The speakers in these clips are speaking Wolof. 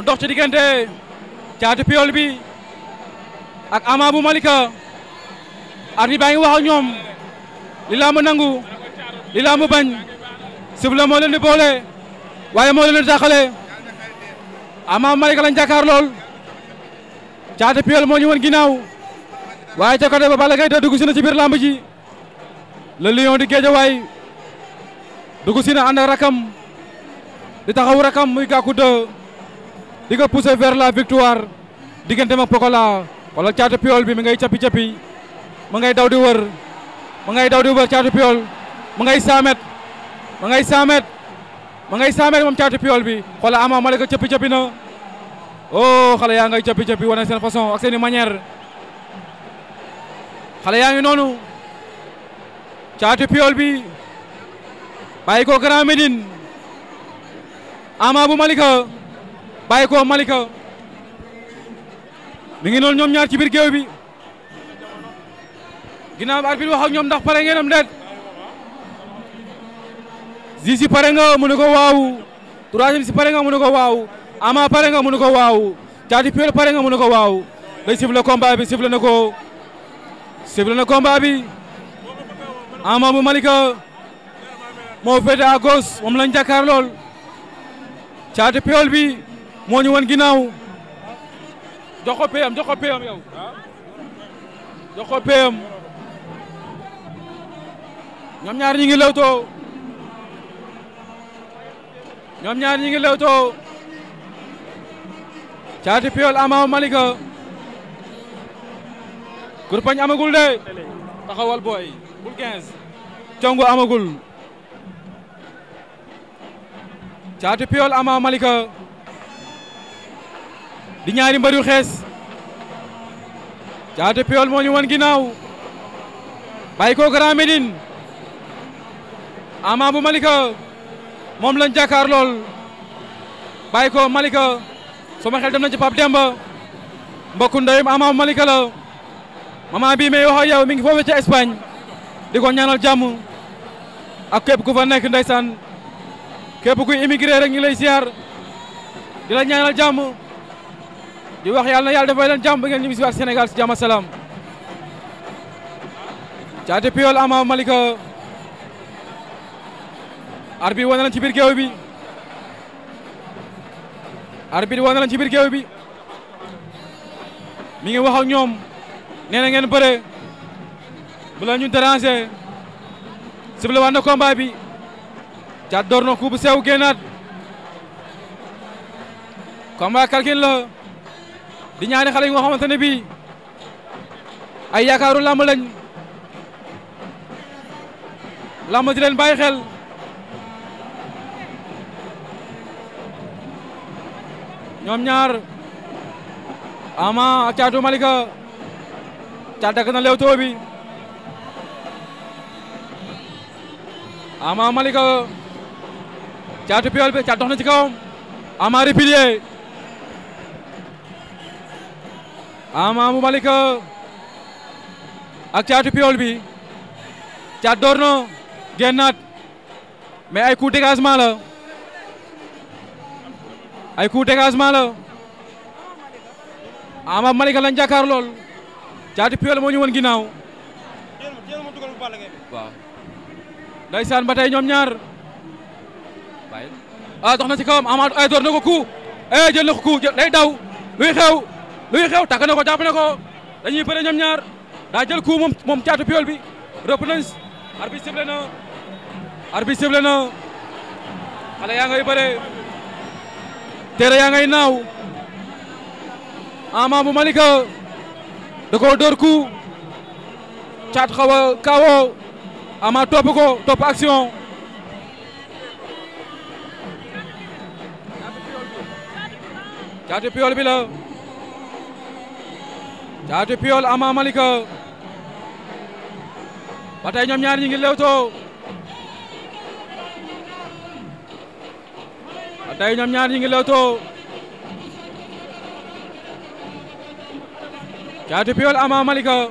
mu dox ci diggante caatu piol bi ak amabu bu malika arbi baa wahal wax ak ñom li mu nangu li laa mu bañ sibla mo leen di bolé waye mo leen di taxalé ama malika lañ jakar lol, jadi piol mo ñu won ginaaw waye ci côté ba Balla kay dugg ci na ci bir lamb ji le lion di way dugg ci na and rakam di taxaw rakam muy gaku de di pousser vers la victoire diggante ma Pokola wala caatu piol bi mi ngay capi capi ma ngay daw di wër ma ngay daw di wër caatu piol ma ngay samet mètres ma ngay samet ma ngay samet mom moom piol bi xola Ama Malika capi capi na oh xala ya ngay capi capi wone sen façon ak sen manière xala ya ngi nonu caatu piol bi bayiko Grand medine Ama bu Malika bàyyi ko Malika mi ngi noonu ñoom ñaar ci biir géew bi ginnaaw arbitre wax ak ñoom ndax pare ngeen am déet Zizi si pare nga mu ne ko waaw troisième si pare nga mu ne ko waaw Ama pare nga mu ni ko waaw Caatu Puyol pare nga mu ne ko waaw day siffle combat bi siffle na ko siffle na combat bi Ama bu Malika moo féete à moom lañ jàkkaar lool Caatu bi moo ñu wan ginnaaw jox ko payam jox ko payam jox ko payam ñoom ñaar ñi ngi lewtoo ñoom ñaar ñi ngi lewtoo caati Piyol Ama Malika kurpañ amagul de taxawal booy bul amagul caati Piyol Ama Malika di ñaari mbër yu xees Caatu Peol moo ñu wan ginnaaw bàyyi ko Grand Médine Ama bu Malika moom lañ jàkkaar lool bàyyi ko Malika sama xel dem na ci Pape Demba mbokku ndeyum Ama bu Malika la mama bii may wax ak yow mi ngi foofee ca Espagne di ko ñaanal jàmm ak képp ku fa nekk ndeysaan képp kuy immigré rek ñu lay siyaar di la ñaanal jàmm di wax yàlla na yàlla dafay leen jàmm ba ngeen ñibbi si waat Sénégal si Ama Malika arbitre wane leen ci biir géew bi arbitre wane leen ci biir géew bi mi ngi wax ak ñoom nee ngeen bëre bu ñu déranger sibla na combat bi Caat door na coup bu sew génnaat combat kalkin la di ñaari xale yu xamante ne bii ay yaakaaru làmb làmb di leen bàyyi xel ñoom ñaar Ama Caatu Malika Caat dagg na leewtoo bi Ama Malika Caatu Piol bi Caat dox ci kawam Ama replié ama bu Malika uh, ak caatu piol bi caat door na génnaat ay coup dégagement la ay coup dégagement la ama bu Malika lañ jàkkaar caatu piol moo ñu woon ginnaaw waaw ndeysaan ba tey ñaar ah dox ci kawam ama ay eh, door ko coup eh jël na ko coup day daw luy xew luy xew takk na ko jàpp na ko dañuy bëre ñoom ñaar daa jël coup mom moom caatu piol bi rëpp nañ arbitre sifflé na arbitre sifflé na xale yaa ngay bëre naaw ama bu malika da koo dóor caat xaw a kaawoo ama ko topp action caatu piol bi la Caatu Piol Ama Malika ba tey ñoom ñaar ñi ngi lewtoo ba ñaar ñi ngi lewtoo Caatu Piol Ama Malika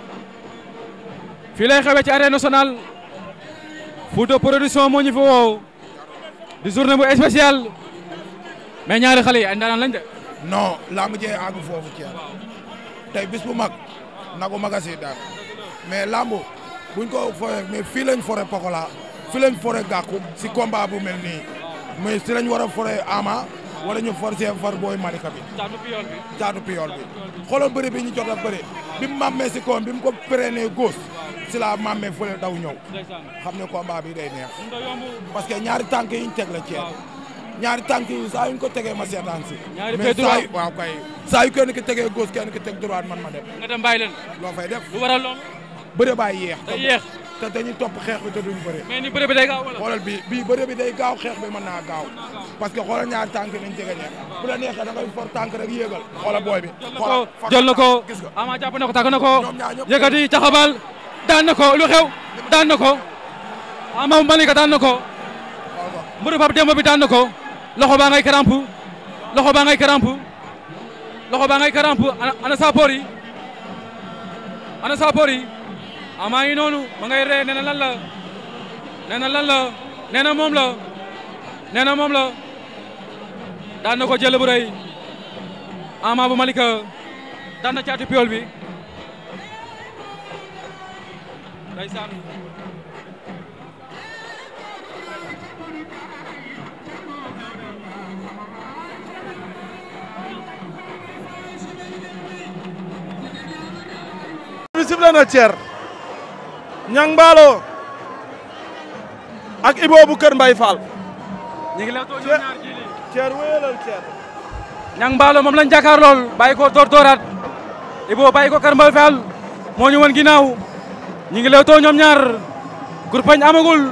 fii lay xewee ci arène nationale Fouta production moo di journée bu spéciale mais ñaari xale yi ay ndaanaan lañ de non laa mujjee àgg foofu ci tey bis bu mag nagu magasi daal mais lambu buñ ko foyee mais fii lañ fore Pokola fii lañ fore Gàkku si combat bu mel nii mais si lañ war a fore Ama wala ñu forcer far booy Malika bi. caatu piyool bi caatu piyool bi. xoolal bëri bi ñu jot a bëri bi mu màmmee si koom bi mu ko prene góos si la màmmee fële daw ñëw. xam ne combat bi day neex. parce que ñaari tànk yi ñu teg la ceeb. ñaari tànk yi saa yu ko tegee ma seetaan si. ñaari pied droit waaw kay. saa yu kenn ki tegee gauche droit man ma dem. nga dem bàyyi leen. loo te dañuy topp xeex bi te duñ bëre. mais bi day gaaw xeex bi mën naa gaaw. parce que xoolal ñaari tànk yi nañ jege ñeex. bu la neexee da ngay ko gis nga. ama jàpp na ko tàgg na ko. yëkkati caxabal daan na ko lu xew daan na ko ama malika daan na ko mburu pap demba bi daan na ko loxo baa ngay karamp loxo baa ngay karamp loxo baa ngay karamp ana saapoor yi ana saapoor yi amaa noonu ma ree nee lan la nee na lan la nee na la nee na moom la daan na ko jël bu rëy Ama bu Malika daan na caatu piol bi ndeysaan sible na ceer ñang mbaalo ak Ibo bu keur Mbay Fall. ñi ngi lay toog ñaar jii lii. ceer wéyalal ceer. ñang mbaalo moom lañ jakar lol bayiko ko door Ibo bayiko keur Kër Mbay Fall mo ñu won ginaaw ñi ngi lay ñom ñaar gurpañ amagul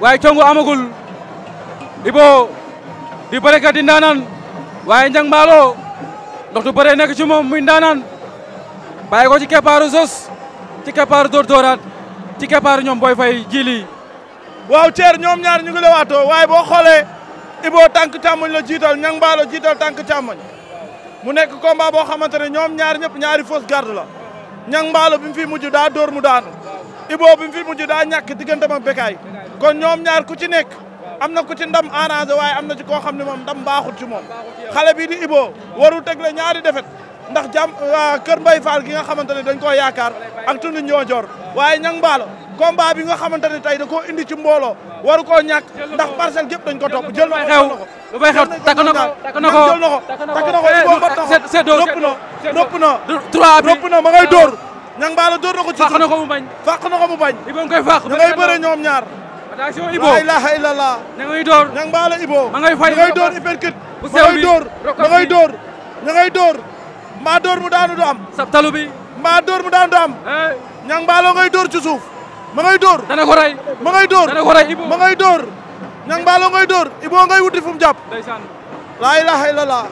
waye ciongu amagul Ibo di bare bërekat di nanan waye ñang balo ndox du bare nek ci mom muy nanan bayiko ci keppaaru sos ci keppaaru dóor ci keppaaru ñoom booy fay jili waaw Thier ñoom ñaar ñu ngi lewaatoo waaye boo xoolee Ibo tànk càmmoñ la jiital ñang mbaalo jiital tànk càmmoñ mu nekk combat boo xamante ne ñoom ñaar ñëpp ñaari fausse garde la ñang mbaalo bi mu fi mujj daa dóor mu daanu Ibo bi mu fi mujj daa ñàkk digganteem ak Bécaye kon ñoom ñaar ku ci nekk am na ku ci ndam arrangé waaye am na ci koo xam ne moom ndam baaxut ci moom xale bii di Ibo warul teg la ñaari defet ndax jàmm Kër Mbaye Fall gi nga xamante ne dañ koo ak tund ñoojoor waaye ñang mbaalo combat bi nga xamante ne da koo indi ci mbooloo waru koo ñàkk ndax parcelle gépp dañ ko topp jël na ko lu bay xew takk na ko takk na ko takk na ko eh, nopp na nopp na nopp na ma ngay dóor ñang ah. mbaalo dóor na ko ci fàq na ko mu bañ fàq na ko mu bañ Ibo koy bëre ñoom ñaar attention Ibo la ilaha illallah da ngay dóor ñang mbaalo Ibo ma ngay fay da ma ngay dóor ma ngay dóor ma mbaa dóor mu daanu du am. sab talu bi. mbaa dóor mu daanu du am. ñang baalo ngay dóor ci suuf. ma ngay dóor dana ko rey. ma ngay dóor dana ko rey Ibou ma ngay dóor. ñang baalo ngay ngay wuti fu mu jàpp. ndeysaan. laa ilaha illallah.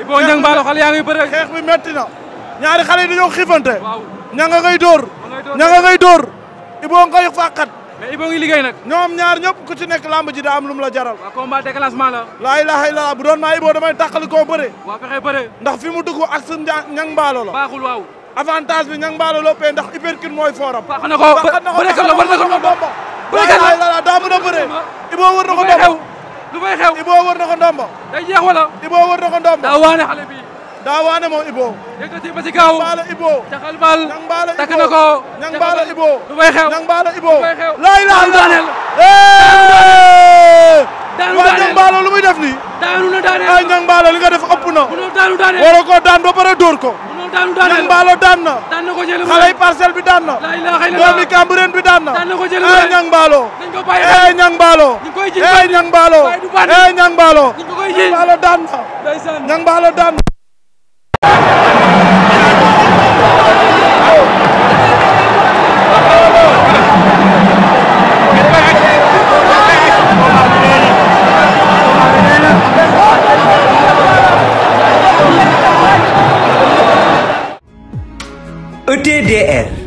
Ibou baalo xale yaa ngi bëre. xeex bi metti na. ñaari xale yi dañoo a waaw ñanga ngay dóor. ma ngay dóor ñanga ngay dóor. Ibou ngay mais Ibo ngi liggéey nag. ñoom ñaar ñëpp ku ci nekk lamb ji daa am lu a la jaral. waaw combat la. laa ilaha illallah bu doon maa Ibo damay tàqali koo bëre. ndax fi mu dugg ak sa ñang mbaalo la. bi ñang mbaalo la ndax uppercut mooy fooram. baax na ko bëre kan la war na ko ndombo. bëre kan la daa mën a bëre. Ibo war na ko ndombo lu may xew. Ibo war na ko ndombo. day jeex wala. Ibo war na ko ndombo. daa waane moom Ibo. yëkkati ba ci kaw mbaala Ibo. taxal bal takk na ko. ñang mbaala Ibo lu fay xew lu muy def nii. daanu na li nga def ëpp na. munoo daanu daan ba pare dóor ko. munoo daanu daan na. daan na bi daan na. laay la xëy bi daan na. daan na ko jëlee mu ay ñang mbaalo. dañ ko bàyyi ay daan na.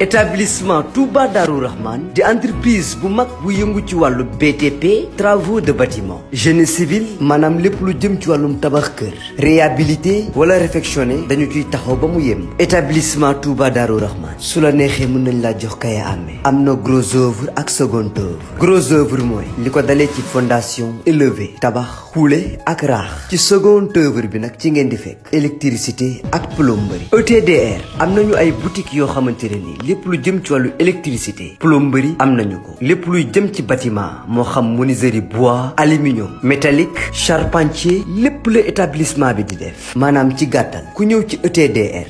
établissement Touba Darou Rahman d'entreprise entreprise bu mag bu ci BTP travaux de bâtiment génie civil manam lépp lu jëm ci wàllum tabax kër réhabilité wala réfectionné dañu ciy taxaw ba mu établissement Touba Darou Rahman Soula la neexee mën nañ la jox kaya amee am gros œuvre ak second œuvre gros œuvre mooy li ci fondation élevée, tabakh, xuule ak raax ci second œuvre bi nag ci ngeen di fekk électricité ak plomberie ETDR am nañu ay boutique yo xamante lépp lu jëm ci wàllu électricité plomberie am nañu ko lépp luy jëm ci bâtiment moo xam menuiserie bois aluminium métallique charpentier lépp la établissement bi di def maanaam ci gàttal ku ñëw ci ETDR